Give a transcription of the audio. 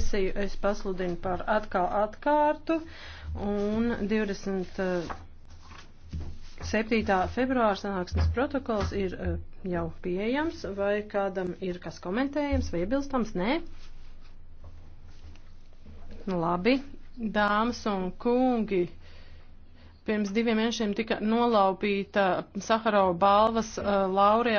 sesiju es pasludinu par atkal atkārtu un 27. Eh, februāra sanāksmes protokols ir eh, jau pieejams vai kādam ir kas komentējams vai iebilstams? Nē? Labi, dāmas un kungi. Pirms diviem mēnešiem tika nolaupīta Saharova balvas uh, laureāta.